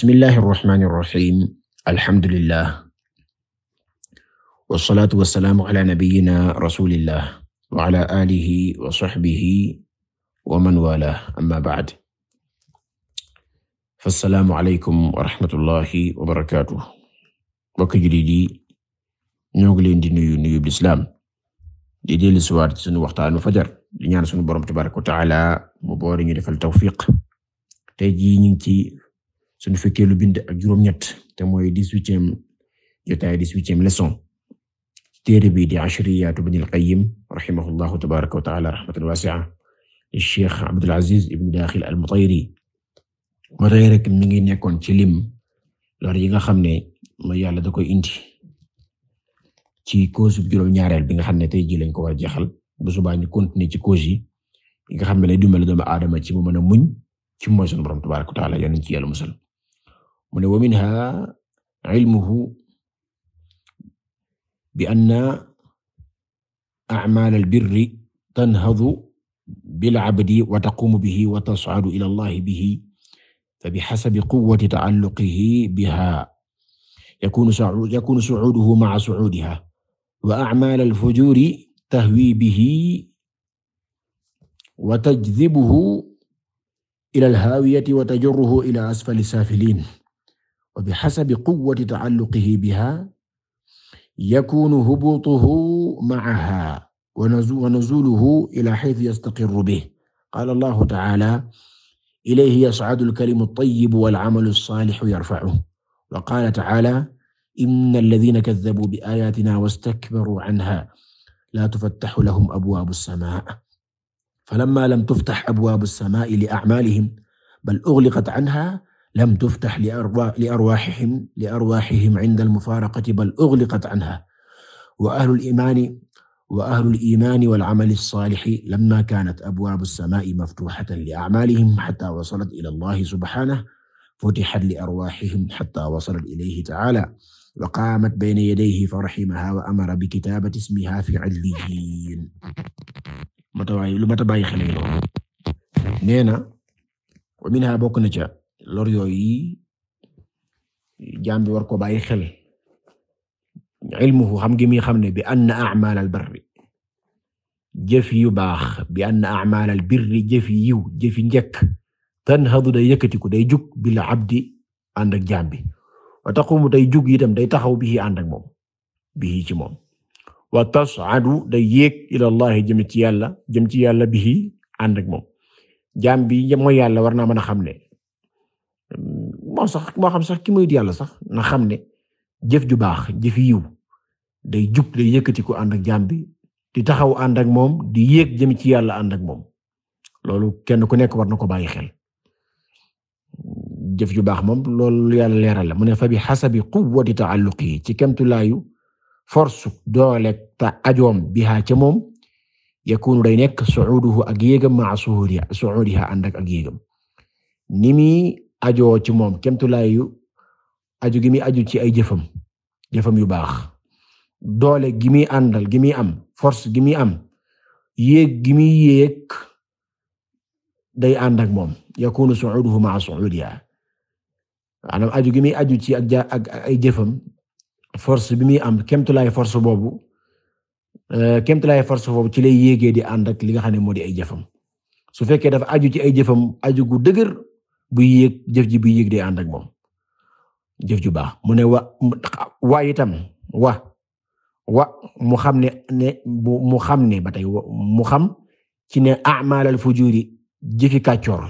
bismillahi arrahmani irrahim alhamdulillah wasalaatu wasalaamu ala nabiyina rasulillah wa ala alihi wa sahbihi wa man wala amma ba'd fassalaamu aleykum wa rahmatullahi wa barakatuh mbokk jullit yi ñoo ngi leen di nuyu nuyu lislaam di dellu si waat sunu waxtaanu fajar di ñaan sunu borom tabaraka wa taala mu boori ñu defal tawfiq tey jii ñu ngi ci suñu lu bind ak juróom-ñett te mooy dix-huitième jotaay dix-huitième leçon téere bi di Ashriyaat Ibn al-Qayyim rahimahullahu tabaaraka wa ta'aala rahmatan waasi'a li Cheikh Abdul Aziz ibn Daaxil al-Mutayri ba tey rek mi ngi nekkoon ci lim lor yi nga xam ne ma yàlla da koy indi ci cause juróom-ñaareel bi nga xam ne tey ji lañ ko war a jeexal bu subaa ñu continuer ci cause yi yi nga xam ne lay dimbali doomu aadama ci mu mën a muñ ci mooy sunu borom tabaaraka wa ta'aala mu ne wa minha ilmuhu bi anna a'mal al-birri tanhadu bil-'abdi wa taqumu bihi wa tas'adu ila Allah bihi fa bihasabi quwwati ta'alluqihi biha yakunu su'uduhu ma'a su'udiha wa a'mal al-fujuri tahwi bihi wa tajdibuhu ila al-hawiyati wa tajruhu ila asfali as-safilin wa bixasabi quwwati tacalluqihi biha yakunu hubuutuhu macaha wa nuzuuluhu ilaa haysu yastaqirru bihi qaala Allahu tacaala ilayhi yascadu alkalimu altayibu walcamalu alsaalixu yarfacuhu wa qaala tacaala inna alladhiina kazzabuu biaayaatinaa wastakbaruu canhaa laa tufattaxu lahum abwaabu alsamaa falammaa lam tuftax abwaabu alsamaa'i liacmaalihim bal ughliqat canhaa lam tuftax li arwa li arwaaxihim li arwaaxihim inda al-mufaaraqati bal ughliqat anha wa ahlul iimaani wa ahlul iimaani wal amali saalixi lammaa kaanat abwaabu samaa'i maftuuxatan li a'maalihim xattaa wasalat ila Allahi subxaanahu futixat li arwaaxihim xattaa wasalat ilayhi ta'aalaa wa qaamat bayna yadayhi faraximahaa wa amara bikitaabati ismihaa fi cilliyiin lu mata bàyyi xel nee na wa minhaa bokk na ca lor yooyu jaam war ko bàyyi xel ilmuhu xam gi mi xam ne bi anna a'mal al barri jëf yu baax bi anna jëf yiw jëf njëkk tanhadu day yëkkatiku day jug bil abdi ànd ak jaam bi day jug itam day taxaw bihi ànd moom bihi ci moom wa tas'adu day yéeg ila Allah jëm ci yàlla jëm ci yàlla bihi ànd ak moom jaam bi mooy yàlla war naa mën a xam ne moo sax moo xam sax ki muy yàlla sax na xam ne jëf ju baax jëf yiw day jub day yëkkati ko ànd ak jaam bi di taxaw ànd ak moom di yéeg jëm ci yàlla ànd ak moom loolu kenn ku nekk war na ko bàyyi xel jëf ju baax moom loolu yàlla leeral la mu ne fa bi xasabi quwwati ta'alluqi ci kemtulaayu force doole ta ajoom biha ca moom yakunu day nekk su'uduhu ak yéegam ma'a su'udiha su'udiha ànd ak ak yéegam ajoo ci moom kemtulaayu aju gi muy aju ci ay jëfam jëfam yu baax doole gi muy àndal gi muy am force gi muy am yéeg gi muy yéeg day ànd ak moom yakunu su'uduhu ma'a su'udiha maanaam aju gi muy aju ci ak ak ay jëfam force bi muy am kemtulaay force boobu eh, kemtulaay force boobu ci lay yéegee di ànd ak li nga xam ne moo di ay jëfam su fekkee dafa aju ci ay jëfam aju gu dëgër bu yéeg jëf ji buy yéeg day ànd ak moom jëf ju baax mu ne wa wa itam wa wa mu xam ne ne mu xam ne ba tey mu xam ci ne a'malal fujuri jëfi kàccoor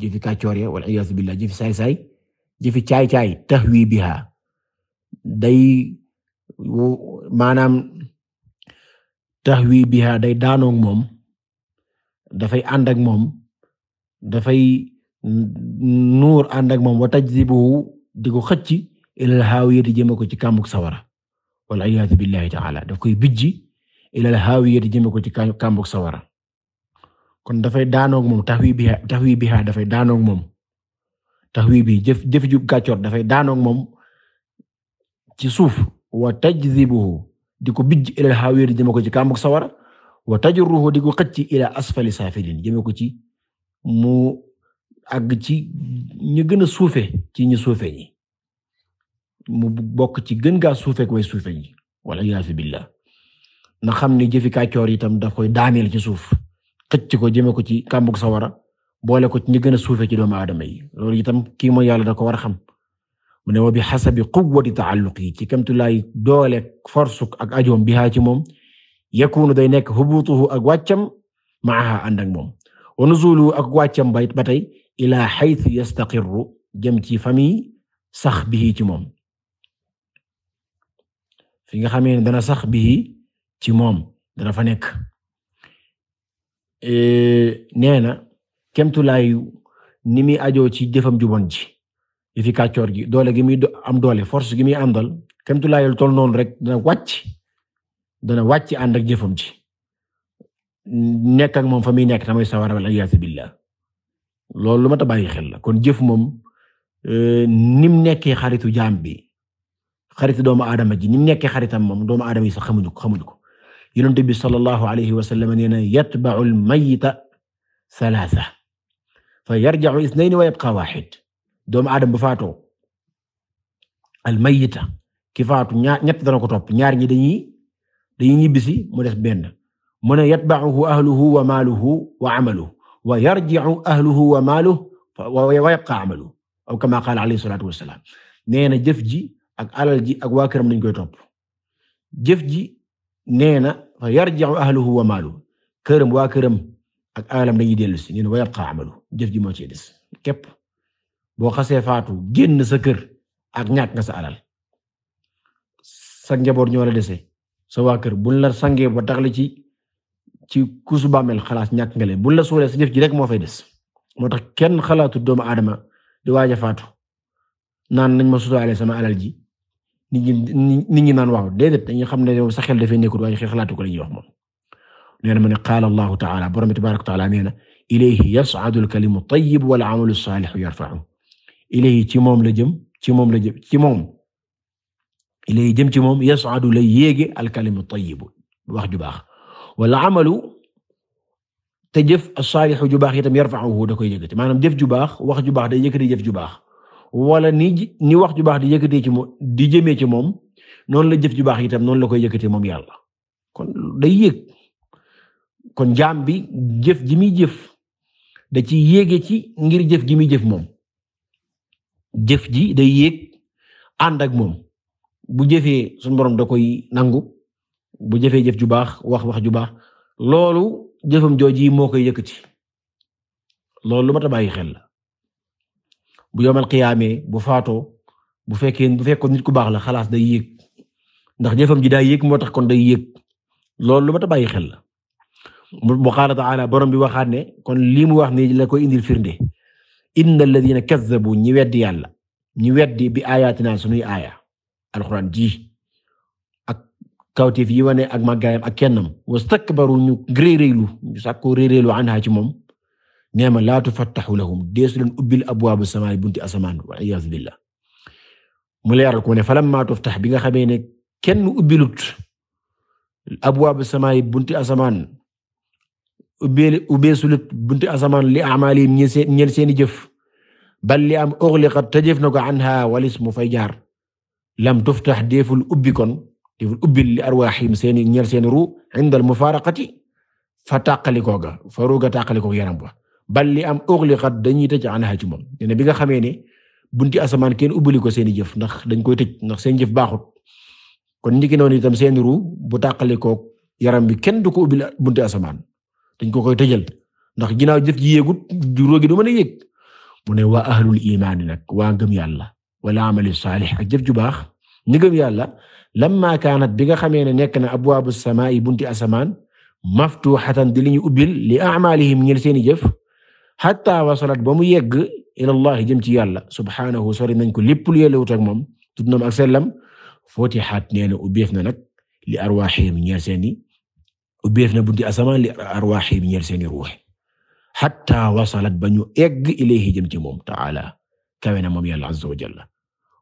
jëfi kàccoor ya wal iyaazu billah jëfi saay-saay jëfi caay-caay tahwi biha day maanaam wi biha day daanoog moom dafay ànd moom dafay nuur ànd ak moom wa tajdibuhu di ko xëcc ilal haawiya di jëme ko ci kàmmuk sawara wal iyaadu billahi taala daf koy bijji ilal xaw di jëme ko ci kàmmuk sawara kon dafay daanoog moom taxwi bi taxwi bi dafay daanoog moom taxwi bi jëf jëf dafay daanoog moom ci suuf wa tajdibuhu di ko bijj ilal haawiya di jëme ko ci kàmmuk sawara wa tajruhu di ko xëcc ila asfali saafilin jëme ko ci mu ag ci ñu gën a suufe ci ñi suufe ñi mu bokk ci gën gaa suufek way suufe ñi wala yaafi billah na xam ni jëfi yi tam daf koy daaneel ci suuf xëcc ko jëme ko ci kàmbug sawara boole ko ci ñi gën a suufe ci doomu aadama yi loolu itam kii mooy yàlla da ko war a xam mu ne wa bi xasabi quwwati taalluq yi ci kamtulaay doole forsuk ak ajoom bihaa ci moom yakunu day nekk hubutuhu ak wàccam maaha ànd ak moom wa nuzulu ak wàccam ba tey ilaa xaytu yastaqirru jëm ci famille sax bii ci moom fi nga xamee ne dana sax bii ci moom dana fa nekk nee na kemtulaayu ni muy ajoo ci jëfam ju bon ji fi kàccoor gi doole gi muy am doole force gi muy àndal kemtulaayu toll noonu rek dana wàcc dana wàcc ànd ak jëfam ji nekk moom fa muy nekk tamay sawara wal iyaazu billah loolu lu mat a xel la kon jëf moom euh, nim nekkee xaritu jaam bi xaritu doomu aadama ji nim nekkee xaritam moom doomu aadama yi sa xamuñu ko xamuñu ko yonent bi sallallahu alayhi wa sallam nee na yatba'u al-mayyita salaasa fa yarja'u ithnayni wa yabqa waahid doomu aadama bu faatoo al-mayyita ki faatu ñaar ñett dana ko topp ñaar ñi dañuy dañuy ñibbisi mu des benn mu ne yatba'uhu ahluhu wa maaluhu wa amaluhu wa yarji'u ahluhu wa maaluhu wa yabqa amaluhu aw kama qaala alayhi salaatu wassalaam nee na jëf ji ak alal ji ak waa këram dañ koy topp jëf ji nee na fa yarji'u ahluhu wa maaluhu këram waa këram ak alalam dañuy dellu si nee na wa yabqa jëf ji moo ci des képp boo xasee faatu génn sa kër ak ñàkk nga sa alal sa njaboot ñoo dese sa waa kër buñ la sangee ba tax la ci ci kusu bàmmeel xalaat ñàkk nga leen bu la suulee sa jef ji rek moo fay des moo tax kenn xalaatu doomu aadama di waaj a faatu naan nañ ma suturaale sama alal ji nit ñi nit ñi naan waaw déedéet dañuy xam ne sa xel dafay nekkul waaye xel ko la ñuy wax moom. nee na ma ne qaala Allahu ta'ala borom tabaaraka wa ta'ala nee na ilayhi yas'adu al-kalimu at-tayyib wal 'amalu as-saalihu yarfa'uhu ilayhi ci moom la jëm ci moom la jëm ci moom ilayhi jëm ci moom yas'adu lay yéege al-kalimu at-tayyib wax ju baax. wala amalu te jëf as-saalixu ju baax yitam yarfa'uhu da koy yëkkati maanaam jëf ju baax wax ju baax day yëkkati jëf ju baax wala ni ni wax ju baax di yëkkatee ci moom di jëmee ci moom noonu la jëf ju baax itam noonu la koy yëkkatee moom yàlla kon day yëg kon jaam bi jëf ji muy jëf da ci yéege ci ngir jëf ji muy jëf moom jëf ji day yéeg ànd ak moom bu jëfee suñu borom da koy nangu bu jëfee jëf ju baax wax wax ju baax loolu jëfam jooji moo koy yëkkati loolu lu mat a bàyyi xel la bu yomal xiyaamee bu faatoo bu fekkee bu fekkoon nit ku baax la xalaas day yéeg ndax jëfam ji day yéeg moo tax kon day yéeg loolu lu mat a bàyyi xel la bu qaala ta'ala borom bi waxaat ne kon lii mu wax ni la koy indil firnde innal ladina kazzabu ñi weddi yàlla ñi weddi bi ayatina sunuy aaya alxuraan ji kawteef yi wane ak màggaayam ak kennam wastakbaru ñu réeréelu ñu sàkkoo réeréelu anha ci moom nee ma laa tufattaxu lahum deesu leen ubbil abwaabu samaay bunti asamaan wal iyaazu billah mu leeral ko ne falamma tuftax bi nga xamee ne kenn ubbilut abwaabu samaay bunti asamaan ubbeel ubbeesulut bunti asamaan li amaalihim ñeel seeni jëf bal li am ughliqat mu fay jaar lam tuftax deeful ubbi kon di ubbil li arwaahim seen i ñeel seen ruu inda al-mufaaraqati fa tàqalikoo ga fa ruuga tàqalikoo yaram wa bal li am ughliqat dañuy tëj anha ci moom ne bi nga xamee ne bunti asamaan kenn ubbali ko seen jëf ndax dañ koy tëj ndax seen jëf baaxut kon niki noonu itam seeni ru bu tàqalikoo yaram bi kenn du ko ubbil bunti asamaan dañ ko koy tëjal ndax ginnaaw jëf ji yéegut ruu gi du mën a yéeg mu ne waa ahlul imaan nag waa gëm yàlla wala amali saalih ak jëf ju baax ñi gëm yàlla lamma kaanat bi nga xamee ne nekk na abwaabu samaa'i bunti asamaan maftuuxatan di li ñu ubbil li a'maalihim ngir seeni jëf xataa wasalat ba mu yegg ilallahi jëm ci yàlla subhaanahu sori nañ ko lépp lu yellewut ak moom tudnam ak sellam futihat nee na ubbeef na nag li arwaaxihim ñeel seeni ubbeef na bunti asamaan li arwaaxihim ñeel seeni ruux xataa wasalat ba ñu egg ilayhi jëm ci moom ta'ala kawe na moom yàlla azza wa jalla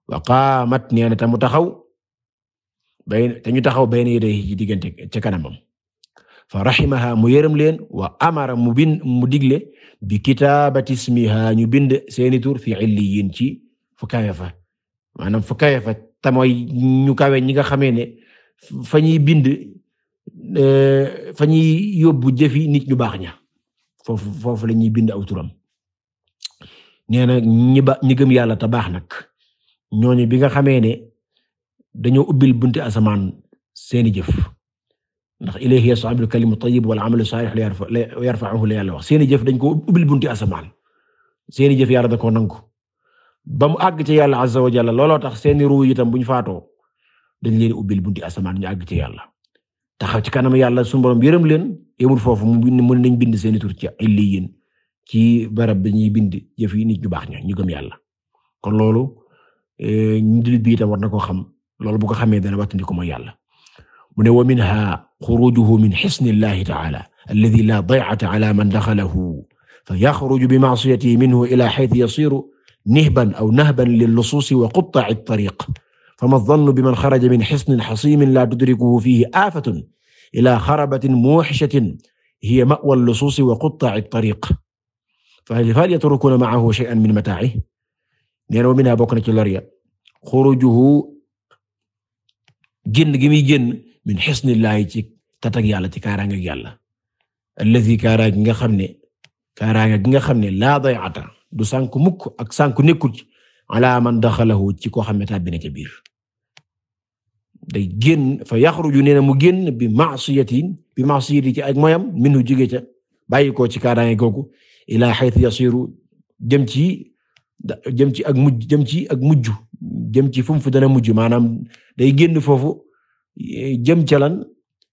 wa qaamat nee na tamu taxaw bay te ñu taxaw bayna yadayhi ci diggante ca kanamam fa rahimaha mu yërëm leen wa amara mu bind mu digle bi kitaabati ismiha ñu bind seeni tur fi illiyin ci fu kawe fa maanaam fu kawe fa te ñu kawe ñi nga xamee ne fa ñuy bind euh, fa ñuy yóbbu jëfi nit ñu baax ña foofu foofu la ñuy bind aw turam ñi ba ñi gëm yàlla te nag ñooñu bi nga xamee dañoo ubbil bunti asamaan seeni jëf ndax ilayhi yas'adul kalimu tayyib wal amalu salih yarfa'uhu la yàlla wax seeni jëf dañ ko ubbil bunti asamaan seeni jëf yàlla da koo nangu ba mu àgg ci yàlla azza wa jalla looloo tax seeni ruu yitam bu ñu faatoo dañ leen ubbil bunti asamaan ñu àgg ci yàlla taxaw ci kanam yàlla suñu borom yërëm leen yemul foofu mu bind mën nañ bind seeni tur ci illiyin ci barab bi ñuy bind jëf yi nit ñu baax ña ñu gëm yàlla kon loolu ñu eh, dul loolu bu ko xamee dana wattandiku mooy yàlla mu ne wa minha xurujuhu min xisnillahi ta'ala alladi la day'ata ala man daxalahu fa yaxruju bi ma'siyatihi minhu ila xaytu yasiru nihban aw nahban lillusuusi wa qutta'i at-tariiq fama adh-dhannu biman xaraja min xisnin xasiimin la tudrikuhu fiihi aafatun ila xarabatin muuxishatin hiya ma'wa llusuusi wa qutta'i at-tariiq fahal yatrukuuna ma'ahu shay'an min mataa'ihi nee na wa minha bokk na ci lor ya xurujuhu génn gi muy génn min xisnillaahi ci tatak yàlla ci kaaraange ak yàlla allazi kaaraange gi nga xam ne kaaraange gi nga xam ne laa du sànku mukk ak sànku nekkul ci ala man daxalahu ci koo xam ne tàbbi na ca biir day génn fa yaxruju nee mu génn bi ma'siyatin bi ma'siyati ci ak moyam minhu jóge ca bàyyi koo ci kaaraange googu ila haythu yasiru jëm ci jëm ci ak mujj ci ak mujj jëm ci fu fu dana mujj maanaam day génn foofu jëm ca lan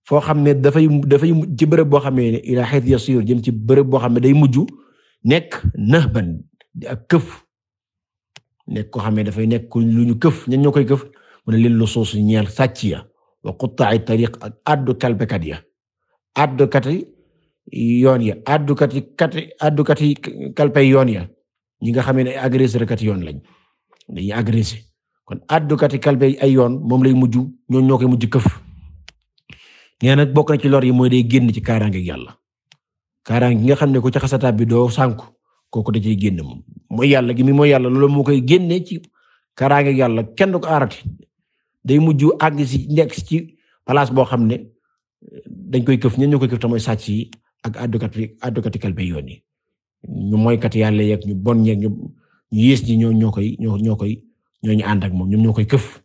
foo xam ne dafay dafay ci bërëb boo xamee ne ila hayth yasir jëm ci bërëb boo xam ne day mujj nekk nahban ak këf nekk koo xam ne dafay nekk lu ñu këf ñan ñoo koy këf mu ne lil lusus ñeel sàcc ya wa qutta'i tariq ak addu kalbekat ya addukati yoon ya addukati kati addukati kalpay yoon ya ñi nga xam ne agresseur kat yoon lañ dañuy agressé kon àddukati kalbe ay yoon moom lay mujj ñoo ñoo koy mujj këf nee nag ci lor yi mooy day génn ci kaaraange yàlla kaaraange gi nga xam ne ko ci xasataab bi doo sànku kooku da ciy génn moom mooy yàlla gi mi mooy yàlla loolu moo koy génne ci kaaraange yàlla kenn du ko aarati day mujj àgg si nekk ci place boo xam ne eh, dañ koy këf ñen ñoo koy këf te mooy sàcc yi ak àddukati àddukati yoon yi ñu moykat yàlla yeeg ñu bon ñeeg ñu yées yi ñoo ñoo koy ñoo ñoo koy ñoo ñu ànd ak moom ñoom ñoo koy këf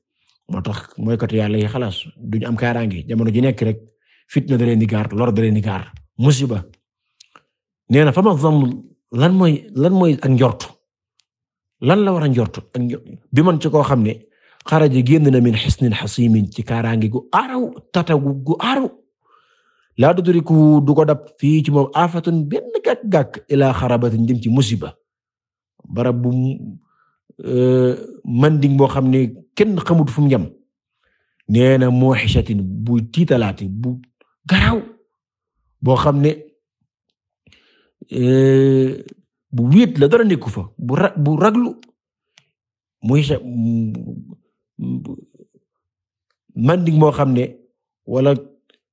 moo tax mooy katu yàlla yi xalaas duñu am kaaraange jamono ji nekk rek fitna da leen di gaar lor da leen di gaar musiba nee na fa ma lan mooy lan mooy ak njort lan la war a njort ak bi man ci koo xam ne xaraja génn na min xisnin xasimin ci kaaraange gu aaraw tata gu aaraw laa tudriku du ko dab fii ci moom aafatun benn gàkk-gàkk ilaa ci musiba barab bu Euh, manding boo xam ne kenn xamut fu mu yem nee na bu buy tiitalaati bu garaaw boo xam ne euh, bu wéet la dara nekku fa bu ra bu raglu muhisha manding moo xam ne wala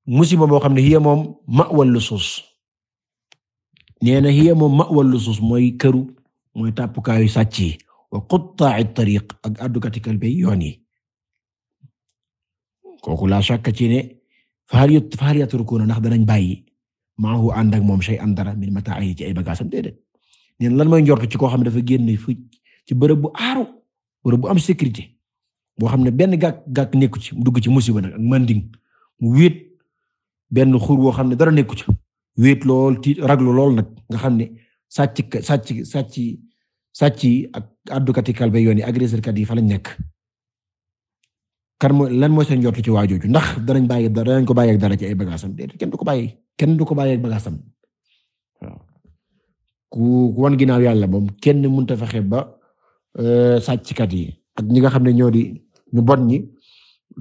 musiba moo xam ne hiya moom ma'wal lusus nee na hiya moom ma'wal lusus mooy këru mooy tàppukaayu sàcc yi wa quttaa'i tariq ak àddukati kalbe yoon yi kooku la shakka ci ne fa hal yatrukuuna ndax danañ bàyyi maahu ànd ak moom shay'an dara min mataa'ihi ci ay bagaasam lan mooy njort ci koo xam ne dafa génn fu ci bërëb bu aaru bërëb bu am sécurité boo xam ne benn gàkk gàkk nekku ci dugg ci musiba nag ak manding mu wéet benn xur woo xam ne dara nekku ci wéet lool tiit raglu lool nag nga xam ne sàcc sàcc sàcc sàcc yi ak àddukati kalbe yoon yi agresseur kat yi fa lañ nekk kan mooy lan mooy seen jotu ci waa jooju ndax darañ bàyyi danañ ko bàyyi ak dara ci ay bagaasam kenn du ko bàyyi kenn du ko bàyyi ak bagaasam waaw ku wan ginnaaw yàlla moom kenn mun ta fexe ba euh, sàcckat yi ak ñi nga xam ne ñoo di ñu bon ñi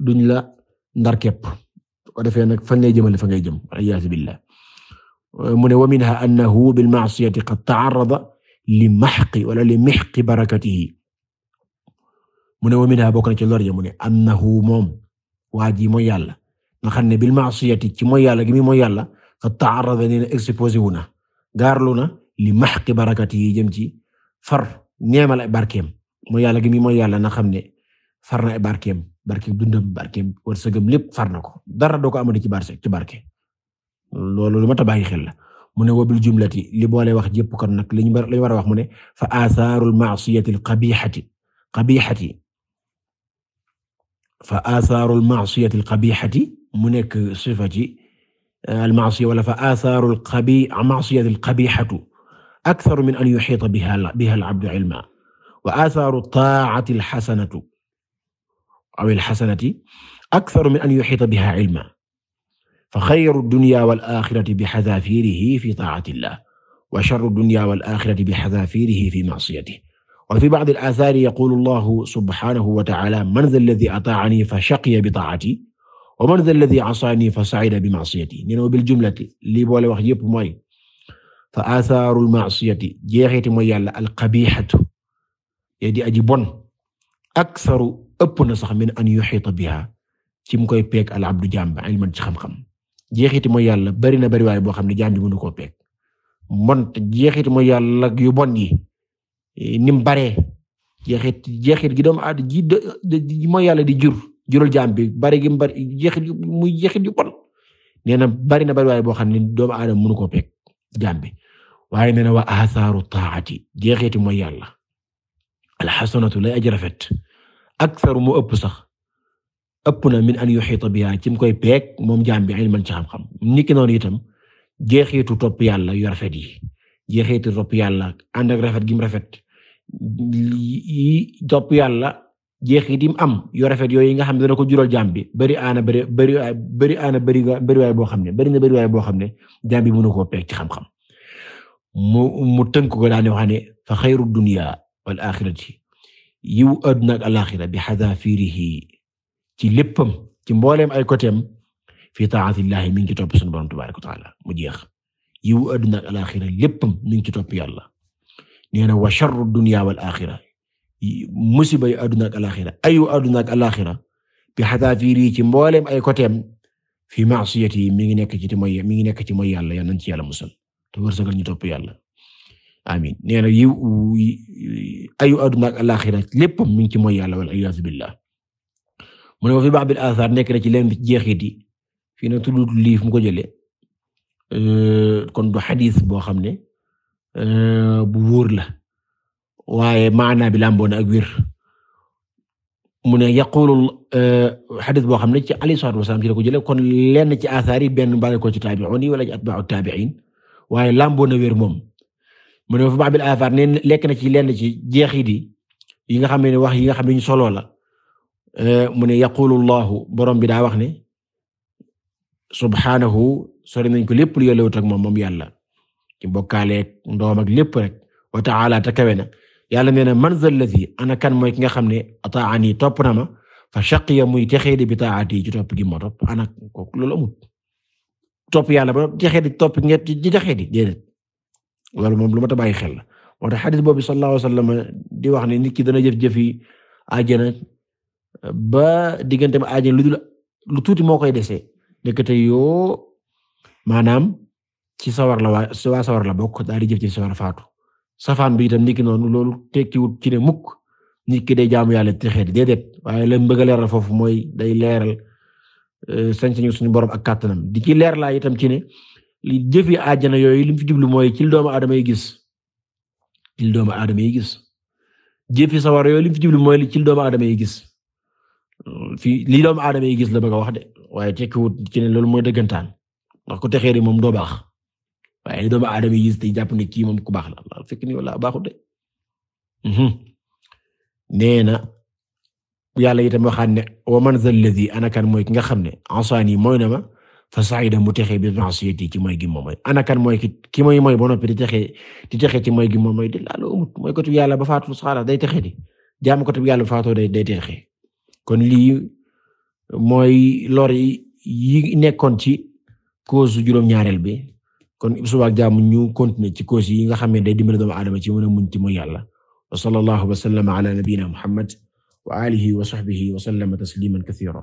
duñ la ndar képp ko defee nag fan lay jëmale fa ngay jëm ayaasu billah mu ne wa minha annahu bil ma'siyati qad ta'arrada li maxqi wala li mixqi barakatihi mu ne wa minha bokk na ci lor mu ne annahu moom waa ji mooy yàlla nga xam ne bil ma'siyati ci moo yàlla gi mi mooy yàlla fa ta'arrada nee na wu na gaarlu na li maxqi barakatihi jëm ci far ñeemal ay barkeem mooy yàlla gi mi mooy yàlla na xam ne far na ay barkeem barke dundam barkeem wërsëgam lépp far na ko dara doo ko amati ci barke ci barke loolu lu ma ta xel la mu ne wabil jumlati li boole wax jëpp kon nag li ñu war li ñu war a wax mu ne fa athaarul ma'siyati al-qabihati qabihati fa athaarul ma'siyati al-qabihati mu nekk sifa ci euh, al-ma'siya wala fa athaarul qabi ma'siyati al-qabihatu aktharu min an yuhita biha biha al-'abdu 'ilman wa athaaru taa'ati al-hasanatu aw al-hasanati aktharu min an yuhita biha 'ilman fa xayru dunya wal axirati bi xazaafirihi fi taacatillah wa sharru dunya wal axirati bi xazaafirihi fi macsiyatihi wa fi bacdi al-aasaari yaquulu Allahu subhaanahu wa tacaala man za allazii ataacanii fa shaqiya bi taacatii wa man za allazii casaanii fa sacida bi macsiyatii nee na bil jumlati lii boole wax yépp mooy fa aasaaru al-macsiyati jeexiti mooy yàlla al-qabiixatu yee di aji bon aksaru ëpp na sax min an yuxiita bihaa ci mu koy peeg al-abdu jaam ilman ci xam-xam jeexit mooy yàlla bari na bari boo xam ne jaam bi mënu koo peeg mbon jeexit mooy yàlla yu bon yi e, ni mu baree jeexit jeexit gi doomu aad ji yàlla di jur jural jaam bi bari na bari na bari waay boo xam ne doomu aadama mënu koo peeg jaam waaye nee na wa asaaru taati jeexiti mooy yàlla alxasanatu lay aji rafet aksaru mu ëpp sax ëpp na min an yuxiita biha ci mu koy peeg moom jaam bi ilman ci xam-xam niki noonu itam jeexitu yàlla yu rafet yi jeexitu topp yàlla ànd rafet gi mu rafet yi topp yàlla jeexit yi am yu rafet nga xam ne dana ko jural jaam bi bari aana bari bari bari aana bari bariwaay boo xam ne bari na bariwaay boo xam ne jaam bi mënu koo peeg ci xam-xam mu mu tënk ko daane wax ne fa xayru dunya wal axirati yiw àdduna ak alaxira bi xadaafirihi ci léppam ci mbooleem ay côté am fi taatillahi mi ngi ci topp sunu borom tabaaraka mu jeex yiwu adduna ak alaxira léppam mi ngi ci topp yàlla nee na wa sharru dunya wal axira musiba yu adduna ak alaxira ayu adduna ak alaxira bi xataafiiri ci mbooleem ay côté am fi maasiyati mi ngi nekk ci mooy mi ngi nekk ci mooy yàlla yal nañ ci yàlla musal te wërsëgal ñu topp yàlla amin nee na yiw ayu adduna ak alaxira léppam mi ngi ci mooy yàlla wal iyaazu billah mu ne wa fi ba'd al athar nekk na ci leen bi jeexit yi fii na tudd lii fu mu ko jële euh, kon du xadis boo xam ne euh, bu wóor la waaye maana bi lamboona ak wér mu ne yaqulu euh, xadis boo xam ne ci alayhi salaatu wasalaam ci ko jële kon lenn ci athar yi benn bàyyi ko ci taabi'un yi wala ci atbaa'u taabi'in waaye lamboona wér moom mu ne wa fi ba'd al ne lekk na ci leen lenn ci jeexit yi nga xam ne wax yi nga xam ne ñu solo la Eh, mu ne yaqulu llahu borom bi daa wax ne subhaanahu sori nañ ko lépp lu yellowut ak moom moom yàlla ci bokkaaleeg ndoom ak lépp rek wa ta'ala ta kawe na yàlla nee na man zal ladhi ana kan mooy ki nga xam ne ata'ani topp na ma fa shaqiya muy texee di bi ta'ati ci topp gi ma ana kooku loolu amut topp yàlla ba texee di topp ñett di texee di déedéet moom lu ma ta bàyyi xel la moo tax xadis boobu di wax ne nit ki dana jëf-jëf ba diggante àjjana lu dul lu tuuti moo koy dese ndekete yoo maanaam ci sawar la waa ci sawar la bokk daal di jëf ci sawar faatu safaan bi itam niki noonu loolu tekkiwut ci mukk nit day jaamu yàlla texee di waaye leen bëgg a foofu mooy day leeral euh, sañ suñu borom ak kàttanam di ci leer itam ci li jëfi àjjana yooyu li fi jublu mooy ci doomu aadama gis doomu aadama yi gis jëfi sawar yooyu li mu fi jublu mooy li ci doomu aadama yi gis fii lii doomu aadama yi gis la ba a wax de waaye tekkiwut ci loolu mooy dëggantaan ndax ku texeer yi moom doo baax waaye li doomu yi gis te jàpp ni kii moom ku baax la fekk ni wala baaxut de mhm. nee na yàlla itam waxaat ne wa man zal ladhi mooy ki nga xam ne ansaani mooy na ma fa sa'ida mu texe bi ma'siyati ci mooy gi moom ki mooy mooy ba noppi di texe di texe ci mooy gi moom mooy di laalu umut mooy ko tu yàlla ba faatu saxaala day texe di jaamu ko tu yàlla ba faatoo day day texe kon lii mooy lor yi nekkoon ci cause juróom-ñaareel bi kon suba ak jàmm ñu ci cause yi nga xam ne day dimbali doomu aadama ci mën a muñ ci mooy yàlla wa sallallahu wa sallama ala nabiyyina muhammad wa alihi wa sahbihi wa sallama tasliman kathira